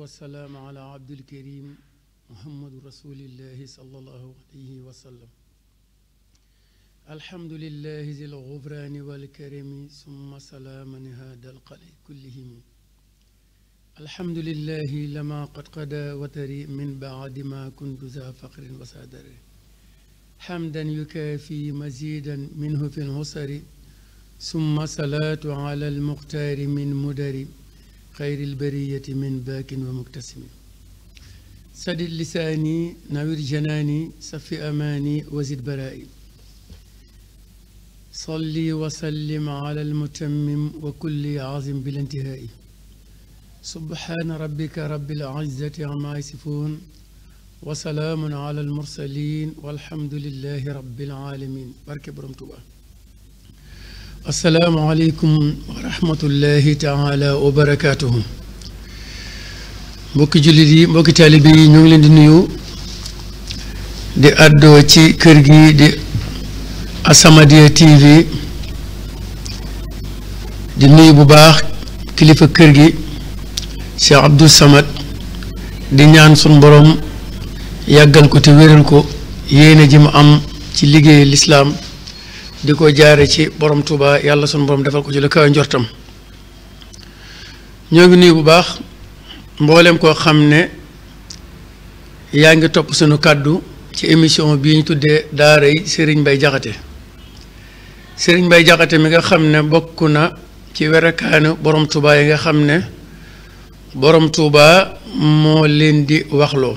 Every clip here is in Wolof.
wassalaamu ala abdulkarim muhammadu rasulillahi sallallahu alayhi wa sallam alhamdulillahi zil gufraani walkarami summa salaaman hada alqali kullihimi alhamdulillahi lama qad qada watari min baadi ma kuntu za faqrin wa sadari hamdan yukaafi mazidan minhu fi lhusari summa salaatu ala almuxtaari min mudari xayri albariyati min baakin wa muktasimi sadid lisaani nawir janaani safi amaani wazid baraa'i salli wa sallim ala almutammim wa kulli azim bil intihaa'i subhaana rabbika rabbil izzati amma yasifuun wa salaamun ala almursalin walhamdulillahi rabbil alamin barke borom Tuubaa assalaamu wa rahmatullahi taala wa barakaatuhu mbokki jullit mbokki taalibe yi ñoo leen di nuyu di àddoo ci kër gi di as TV di nuyu bu baax kilifa kër gi Cheikh Abdou Samad di ñaan sun borom yàggal ko te wéral ko yéene ji mu am ci liggéey lislaam di ko jaare ci borom tubaa yàlla sun mborom defal ko ci la kaw njortam ñoo ngi nuyu bu baax mboolem koo xam ne yaa ngi topp sunu kàddu ci émission bii ñu tuddee daara yi Serigne Mbaye Diakhaté Serigne Mbaye Diakhaté mi nga xam ne bokk na ci werekaanu borom tubaa yi nga xam ne borom Touba moo leen di waxloo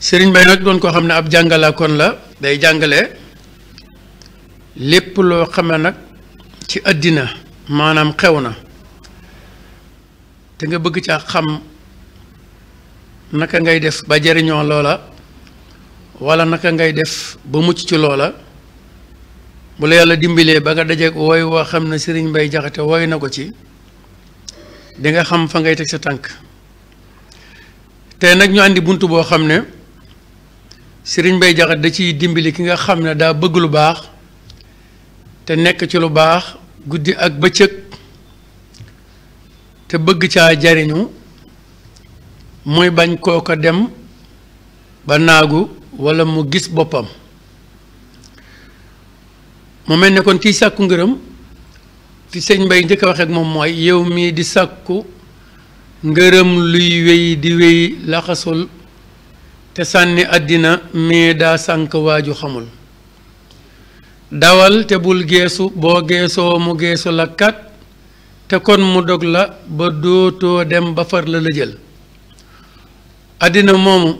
Serigne Mbaye nag doon koo xam ne ab jàngalaakoon la day jàngale lépp loo xam ne nag ci àddina maanaam xew na te nga bëgg caa xam naka ngay def ba jariñoo loola wala naka ngay def ba mucc ci loola bu la yàlla dimbilee ba nga dajeek woy woo xam ne Serigne Mbaye Jaxate woy na ko ci di nga xam fa ngay teg sa tànk te nag ñu àndi bunt boo xam ne Serigne bay Diakhate da ciy dimbali ki nga xam ne daa bëgg lu baax te nekk ci lu baax guddi ak bëccëg te bëgg caa jariñu muy bañ kooka dem ba naagu walla mu gis boppam mu mel ne kon kiy sàkku ngërëm ti sëñ Mbay njëkk a moom mooy yow mii di sàkku ngërëm luy wéy di wéy laxasul te sànni àddina mais daa sànk waaju xamul dawal te bul geesu boo geesoo mu geesu la te kon mu dog la ba dootoo dem ba far la la jël àddina moomu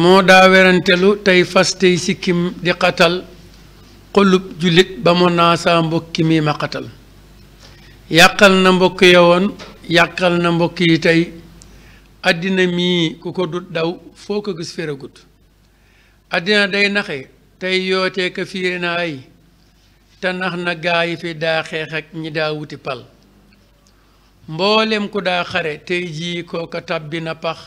moo daa werantelu tey fas tey sikkim di xatal xolub jullit ba mu naasaa mbokki mi ma xatal yàqal na mbokk ya woon yàqal na mbokk yi tey àddina mii ku ko dut daw foo ko gis féragut àddina day naxe tey yootee ka fiire na ay te nax na gaa yi fi daa xeex ak ñi daa wuti pal mboolem ku daa xare tey jii kooka tàbbi na pax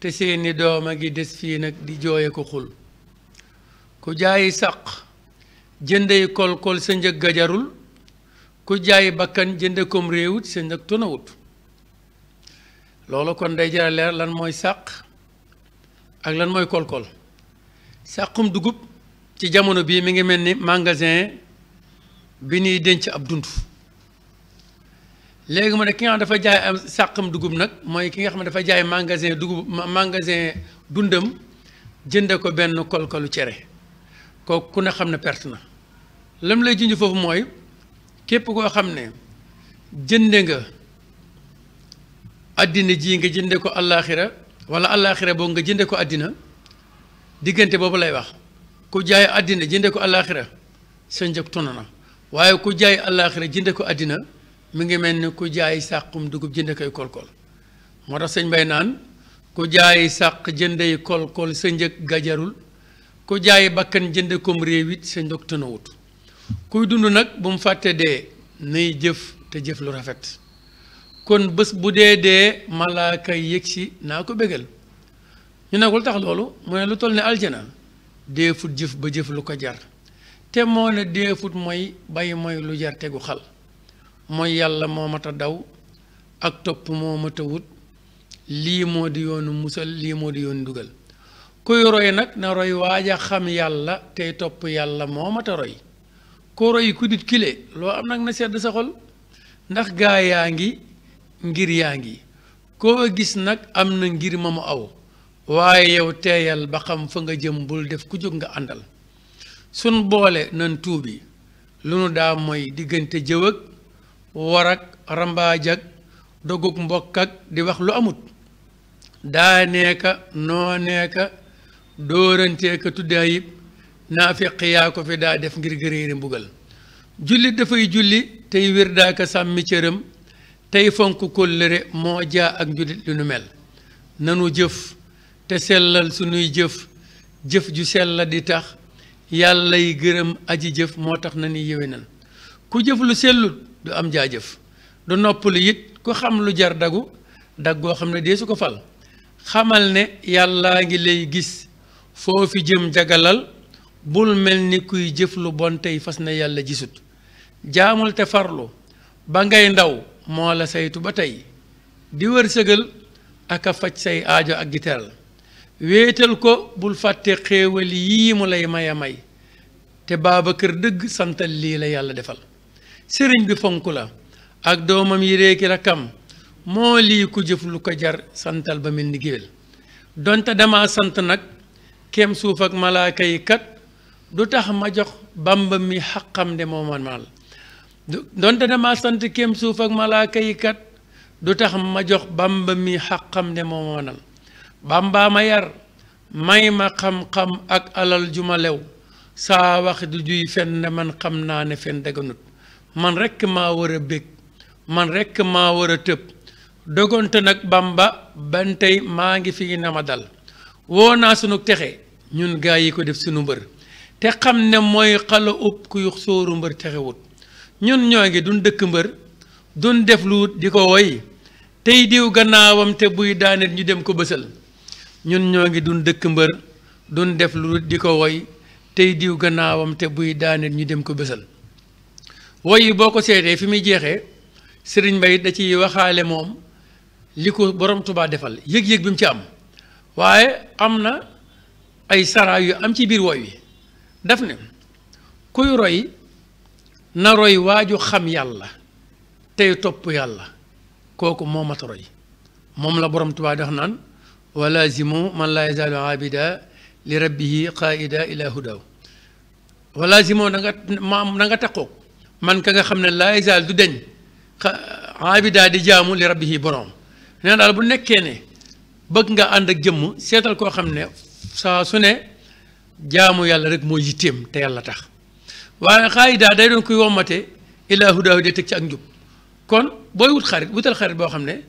te seeni doom a ngi des fii nag di jooye ko xul ku jaayi saq jëndey kolkol sa njëg gajarul ku jaay bakkan jënde koom réewut seen nag tonawut loolu kon day jara leer lan mooy sàq ak lan mooy kolkol sàqum dugub ci jamono bii mi ngi mel ni magasin bi ñuy denc ab dund léegi mu ne ki nga xam dafa jaay am sàqum dugub nag mooy ki nga xam ne dafa jaay magasin dugub magasin dundam jënde ko benn kolkolu cere kooku ku ne xam ne perte na lam lay junj foofu mooy képp koo xam ne jënde nga àddina ji nga jënde ko àllaaxira wala allaaxira boo nga jënde ko àddina diggante boobu lay wax ku jaay àddina jënde ko allaaxira sa njëg tunu na waaye ku jaay allaaxira jënde ko àddina mi ngi mel ni ku jaay sàqum dugub jënde koy kolkol moo tax sëñ bay naan ku jaay sàq jëndey kolkol sa njëg gajarul ku jaay bakkan jënde koom réew it sa njëg tënawut kuy dund nag bu mu fàttee dee nay jëf te jëf lu rafet kon bés bu dee dee malaaka yëg si naa ko bégal ñu ne ko lu tax loolu mu ne lu toll ne aljana dee jëf ba jëf lu ko jar te moo ne dee mooy bay moy lu jar tegu xal mooy yàlla moo mat a daw ak topp moo mat a wut lii moo di yoonu musal lii moo di yoonu dugal kuy roy nag na roy waaja xam yàlla tey topp yàlla moo mat a roy kooro yi ku kile loo am nag na sedd sa xol ndax gaa yaa ngi ngir yaa ngi koo gis nag am na ngir ma mu aw waaye yow teeyal ba xam fa nga jëm bul def ku jóg nga àndal sun boole nan tuubi lu nu daa mooy diggante jëw ak war ak rambaaj ak di wax lu amut daa neeka noo neeka dóoranteeka tuddaayib naafiq yaa ko fi daa def ngir gëréeri mbugal jullit dafay julli tey wér daaka sàmmi cëram tey fonk kóllëre moo jaa ak njullit lu nu mel nanu jëf te sellal sunuy jëf jëf ju sella di tax yàllay gërëm aji jëf moo tax na ni yéwénal ku jëf lu sellut du am jaajëf du noppalu it ku xam lu jar dagu dag goo xam ne dee su ko fal xamal ne yàllaa ngi lay gis foo fi jëm jagalal bul mel ni kuy jëf lu bon tey fas na yàlla gisut jaamul te farlu ba ngay ndaw moo la saytu ba tey di wërsëgal ak a faj say aajo ak di teral ko bul fàtte xéewal yii mu lay may may te kër dëgg santal lii la yàlla defal sëriñ bi fonk la ak doomam yi réeki rakkam moo lii ku jëf lu ko jar santal ba mel donte dama sant nag kem suuf ak malaaka yi kat du tax ma jox bamba mi xaqam de moo ma naal donte dama sant kem suuf ak malaaka yi kat du tax ma jox bamba mi xaqam de moo ma naal bambaa ma yar may ma xam-xam ak alal ju ma saa wax du juy fen ne man xam naa ne fen daganut man rekk maa war a bég man rekk maa war a tëb dogonte nag bamba ban maa ngi fi na ma dal woo naa sunu texe ñun gaa yi ko def sunu mbër te xam ne mooy xala ub ku yux mbër texewut ñun ñoo ngi duñ dëkk mbër duñ def lu di ko woy tey diw gannaawam te buy daanet ñu dem ko bësal ñun ñoo ngi duñ dëkk mbër duñ def lu di ko woy tey diw gannaawam te buy daanet ñu dem ko bësal woy boo ko seetee fi muy jeexee sëriñ Mbay da ciy waxaale moom li ko boroom tubaa defal yëg-yëg bi mu ci am waaye am na ay saraa yu am ci biir woy wi daf ne kuy roy na roy waaju xam yàlla tey topp yàlla kooku moo mat roy moom la borom Tuubaa dox naan walaazimu man laa yazaalu abida li rabbihi qaida ila hudaw walaazimu da nga maam da man ka nga xam ne laa yazaal du deñ abida di jaamu li rabbihi borom nee daal bu nekkee ne bëgg nga ànd ak jëmm seetal koo xam ne saa su ne jaamu yàlla rek mooy yitteem te yàlla tax waaye xaayidaa day doon kuy wommatee ilaa hudaa day teg ci ak njub kon booy wut xarit wutal xarit boo xam ne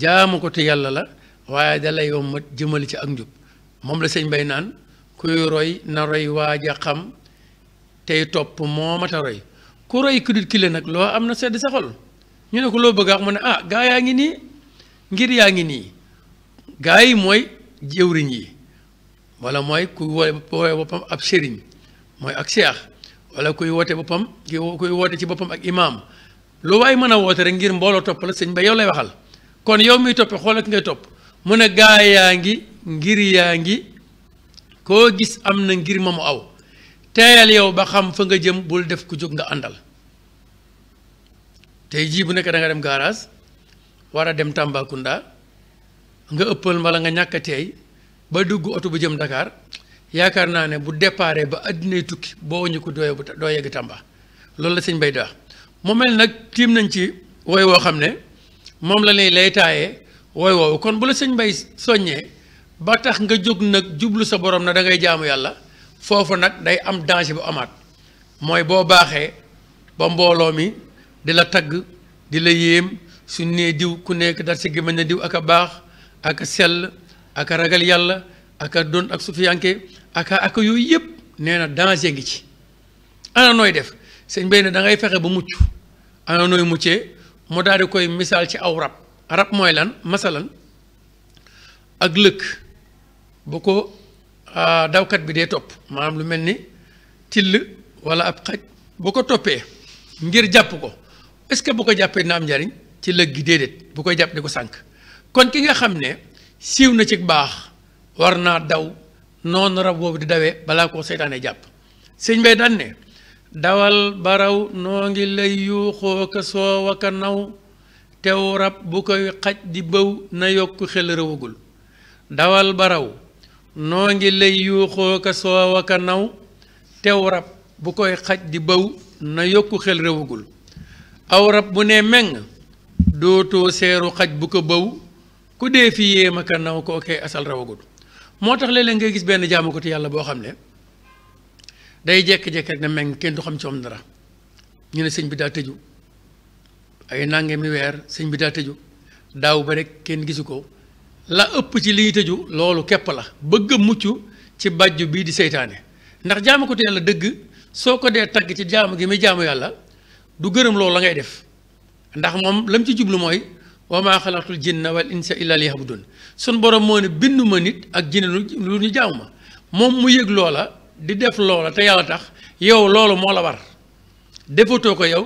jaamu ko te yàlla la waaye da lay wommat jëmali ci ak njub moom la sëñ bay naan kuy roy na roy waaja xam tey topp moomata roy ku roy ku dul nag loo am na sedd sa ñu ne ko loo bëgg a wax mu ne ah gaa yaa ngi nii ngir yaa ngi nii gaa yi mooy jëwriñ yi wala mooy ku woote boppam ab sériñ mooy ak seex walla kuy woote boppam ki kuy woote ci boppam ak imaam lu waay mën a woote rek ngir mbooloo topp la sëñ ba yow lay waxal kon yow miy toppee xool ak ngay topp mu a gaa yaa ngi ngir yaa ngi koo gis am na ngir ma mu aw teeyal yow ba xam fa nga jëm bul def ku jóg nga àndal tey jii bu nekk danga dem garaas war a dem Tambacounda nga ëppal mbala nga ñàkk a ba dugg oto bu jëm ndakaar yaakaar naa ne bu déparé ba addinay tukki boo wañu ko doo doo yegg Tamba loolu la sëñ Bay daa mu mel nag tiim nañ ci woy woo xam ne moom la lay lay taayee woy woowu kon bu la sëñ Bay soññee ba tax nga jóg nag jublu sa borom na da ngay jaamu yàlla foofu nag day am danger bu amaat mooy boo baaxee ba mbooloo mi di la tagg di la yéem su nee diw ku nekk dar si gémmañ na diw ak a baax ak sell ak a ragal yàlla ak a ak sufiyanke ak a ak yooyu yëpp nee na danger ngi ci ana def sëñ Mbay ne da ngay fexe ba mucc ana nooy muccee mu daal di koy misaal ci aw rab rab mooy lan masalan ak lëkk bu ko dawkat bi dee topp maanaam lu mel ni till wala ab xaj bu ko toppee ngir jàpp ko est-ce que bu ko jàppee dina am njariñ ci lëg gi déedéet bu koy jàpp di ko sànk kon ki nga xam ne siiw na ci baax war naa daw noonu rab boobu di dawee balaa koo seytaane jàpp sëñ bay daan dawal baraw noo ngi lay yuuxoo ka soow aka naw tew rab bu koy xaj di bëw na yokk xel rëwagul bu aw rab bu ne meng dootoo seeru xaj bu ko bëw ku dee fi yéem a kannaw ko kee asal rawagut moo tax léeg-léeg ngay gis benn jaamukatu yàlla boo xam ne day jékki-jékki rek ne meng kenn du xam ci dara ñu ne sëñ bi daa tëju ay nangami weer sëñ bi daa tëju daaw ba rek kenn gisu ko la ëpp ci li ñu tëju loolu képp la bëgg a mucc ci bàjju bii di seytaane ndax jaamukatu yàlla dëgg soo ko dee tagg ci jaamu gi muy jaamu yàlla du gërëm loolu la ngay def ndax moom lam ci jublu mooy wa maa xalaqtul jinna wal insa illa liya'budun sunu borom moo ne bindu ma nit ak jinne lu ñu jaaw ma moom mu yëg loola di def loola te yàlla tax yow loolu moo la war defatoo ko yow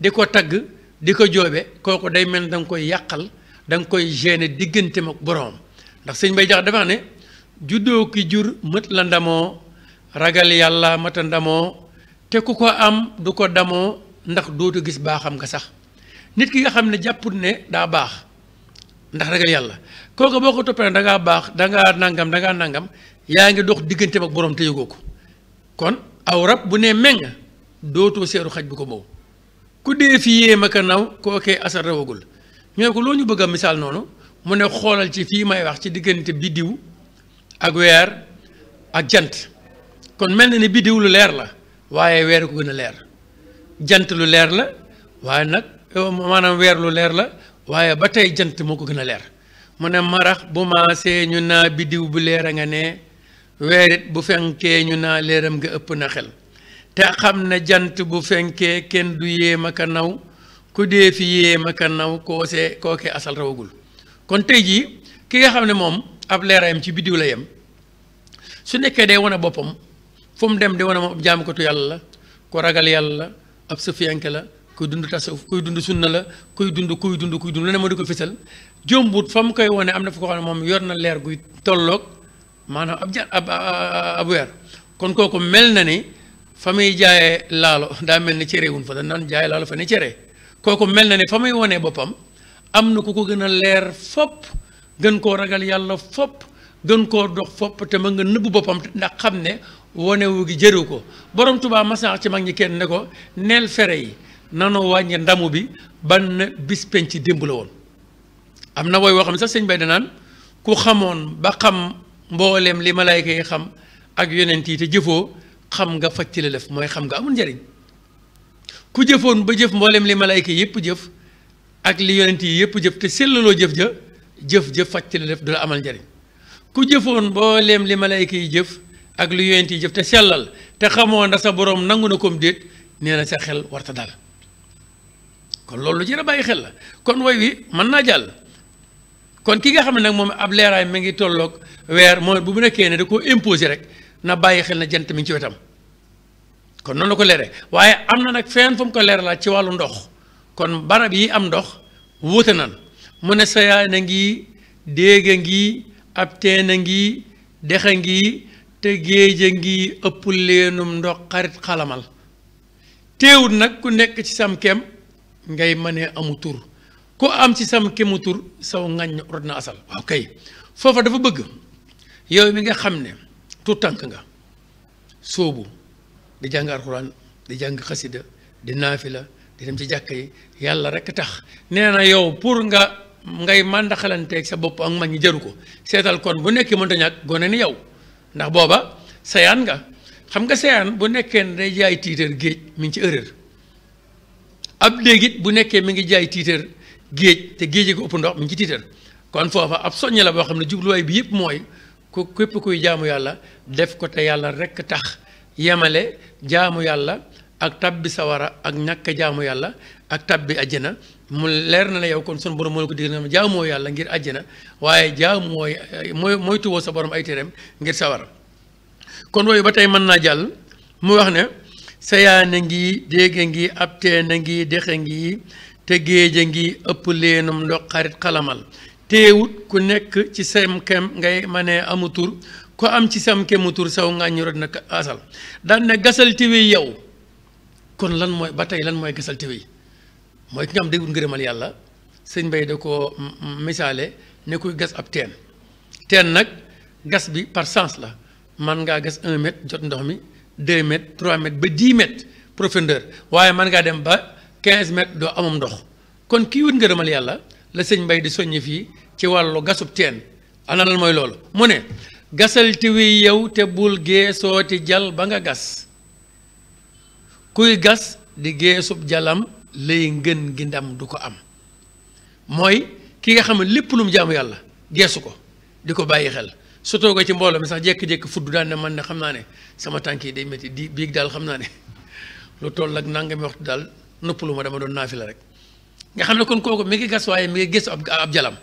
di ko tagg di ko joobe kooku day mel da nga koy yàqal da nga koy génne diggante mag boromam ndax sëñ bay jax dafa ne juddoo ki jur mët la ndamoo ragal yàlla mata ndamoo te ku ko am du ko damoo ndax dootu gis baaxam nga sax nit ki nga xam ne jàpput ne daa baax ndax ragal yàlla kooku boo ko toppee da baax da nangam da nangam yaa ngi dox digganteem ak borom te yëgoo ko kon aw rab bu ne meng dootoo seeru xaj bu ko mow ku dee fii yee ma ka naw kookee asar rawagul ñu ko loo ñu bëgg a misaal noonu mu ne xoolal ci fii may wax ci diggante biddiw ak weer ak jant kon mel na ni biddiw lu leer la waaye weer ko gën a leer jant lu leer la waaye nag. maanaam weer lu leer la waaye ba tey jant moo ko gën a leer mu ne marax bu maasee ñu naa biddiw bu leer a nga ne weerit bu fenkee ñu naa leeram nga ëpp na xel te xam ne jant bu fenkee kenn du yéem aka naw ku dee fi yéem aka naw koosee kookee asal rawagul kon tey jii ki nga xam ne moom ab leeraayam ci biddiw la yem su nekkee day wane boppam fu dem di wane moom ab jaamukatu yàlla la ku ragal yàlla la ab sufiyanke la kuy dund tasawuf kuy dund sunna la kuy dund kuy dund kuy dund lu ma di ko fisal jombut fa mu koy wane am na ko xam ne moom yor na leer guy tolloog maanaam ab ab ab kon kooku mel na ni fa muy jaayee laalo daa mel ni cere wuñ fa dañ daan jaayee laalo fa ni cere kooku mel na ni fa muy wanee boppam am na ku ko gën a leer fopp gën koo ragal yàlla fopp gën koo dox fopp te ma nga nëbbu boppam ndax xam ne wone wu gi jëru ko borom Tuubaa masax ci mag ñi kenn ne ko neel fere yi nanoo wàññi ndamu bi ban bis penc démb la woon am na wooy woo xam ne sax sëñ bay danaan ku xamoon ba xam mbooleem li malayka yi xam ak yonent yi jëfoo xam nga faj ci la mooy xam nga amul njariñ ku jëfoon ba jëf mbooleem li malayka yi yëpp jëf ak li yonent yi yëpp jëf te sellaloo jëf ja jëf jëf faj ci lelef def du la amal njariñ ku jëfoon mbooleem li malayka yi jëf ak lu yonent yi jëf te sellal te xamoon na sa boroom nangu na koom déet nee na sa xel warta dal kon loolu lu jën a bàyyi xel la kon woy wi mën naa jàll kon ki nga xam ne nag moom ab leeraay mi ngi tolloog weer moom bu mu nekkee ne da koo imposer rek na bàyyi xel na jant mi ngi ci wetam kon noonu la ko leere waaye am na nag fenn fu mu ko leeralaat ci wàllu ndox kon barab yi am ndox wuute nan mu ne sayaan a ngi déeg a ngi ab teen a ngi dex a ngi te géej a ngi ëpp leenum ndox xarit xalamal teewut nag ku nekk ci samkem ngay mënee amu tur ku am ci sam kemu saw ngañ rot na asal waaw kay foofa dafa bëgg yow mi nga xam ne tu tànk nga soobu di jàng alxuraan di jàng xasida di naafila di dem ci jàkk yi yàlla rek tax nee na yow pour nga ngay màndaxalanteeg sa bopp ak mag ñi jaru ko seetal kon bu nekkee mënta ñàkk gone ni yow ndax booba sayaan nga xam nga sayaan bu nekkee ne day jaay tiitar géej mi ngi ci erreur ab léegit bu nekkee mi ngi jaay tiitër géej te géej ko ëpp ndox mi ngi ci tiitër kon foofa ab soññe la boo xam ne jubluwaay bi yëpp mooy ku képp kuy jaamu yàlla def ko te yàlla rekk tax yemale jaamu yàlla ak tabbi sawara ak ñàkk jaamu yàlla ak tabbi àjjana mu leer na la yow kon sun borom moo la ko digal nga jaamoo yàlla ngir waaye jaamu mooy mooy moytuwoo sa borom ay téereem ngir sawara kon wooyu ba tey mën naa jàll mu wax ne sayaan a ngi déeg ngi ab teen ngi dex ngi te géej ngi ëpp leenum ndox xarit xalamal téewut ku nekk ci sem kem ngay manee amu tur ko am ci sem kemu saw nga ñu rot na asal daan ne gasal tiwi yow kon lan mooy ba tey lan mooy gasal tiwi mooy ki nga xam day wut ngërëmal yàlla sëñ Mbay da ko misaale ne kuy gas ab teen teen nag gas bi par sens la man ngaa gas un mètre jot ndox mi 2 mètres 3 mètres ba 10 mètres profondeur waaye mën ngaa dem ba quinze mètres doo amam ndox kon kii wut ngërëmal yàlla la sëñ Mbay di soññi fii ci wàllu gasub teen ana mooy loolu mu ne gasal tiwi yow te bul geesooti jal ba nga gas kuy gas di geesub jalam lay ngën gi ndam du ko am mooy ki nga xam lépp lum jaamu yàlla geesu ko di ko bàyyi xel su toogee ci mbooloo mi sax jékki-jékki fudd daan ne man ne xam naa ne sama tànk yi day métti di biig daal xam naa ne lu toll ak nangami waxtu daal noppalu ma dama doon naafi la rek nga xam ne kon kooku mi ngi gas waaye mi gëstu ab ab jalam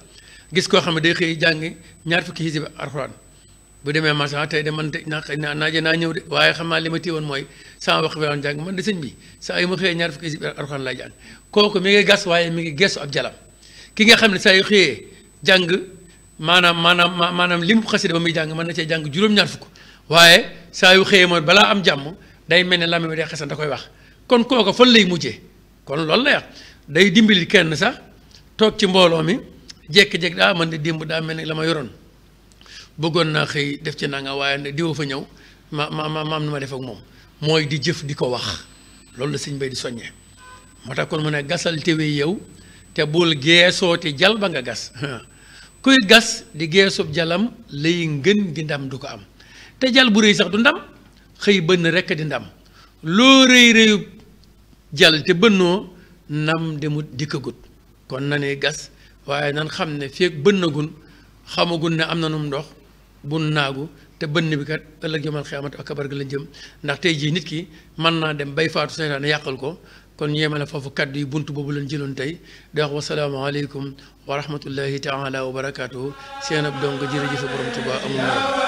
gis koo xam ne day xëy jàng ñaar fukki xisib alxuraan bu demee marché ah tey de man te xëy naa naaje naa ñëw de waaye xam naa li ma téewoon mooy sama wax bi jàng man de sëñ bi saa yu ma xëyee ñaar fukki xisib alxuraan laay jàng kooku mi ngi gas waaye mi ngi gëstu ab jalam ki nga xam ne saa yu jàng maanaam maanaam maanaam li mu xasida ba muy jàng mën na cee jàng juróom-ñaar fukk waaye saa yu xëyee mooy balaa am jàmm day mel ne lami bi day xasan da koy wax kon kooka fan lay mujjee kon loolu la yàq day dimbali kenn sax toog ci mbooloo mi jékki-jékki daa ah, man di dimb daa mel ne la ma yoroon bëggoon naa xëy def ci nanga waaye nag diwa fa ñëw ma ma ma ma am na ma def ak moom mooy di jëf di ko wax loolu la sëñ bay di soññee moo tax kon mu ne gasal tewe yow te bul geesoo te jal ba gas kuy gas di geesub jalam lay ngën gi ndam du ko am te jal bu rëy sax du ndam xëy bënn rekk di ndam loo rëy rëyub jal te bënnoo ndam demut dikkagut kon na gas waaye nan xam ne feeg bënnagun xamagun ne am na num ndox bu naagu te bënn bi kat ëllëg yomal xiyaamat ak kabar gi la jëm ndax tey jii nit ki mën naa dem bay faatu seytaane yàqal ko kon yéemale foofu kaddu yi bunt boobu lañ jëloon tey di wax wasalaamaaleykum wa rahmatullahi taala wa barakaatu seen ab dong jërëjëfe borom Tuubaa amul morom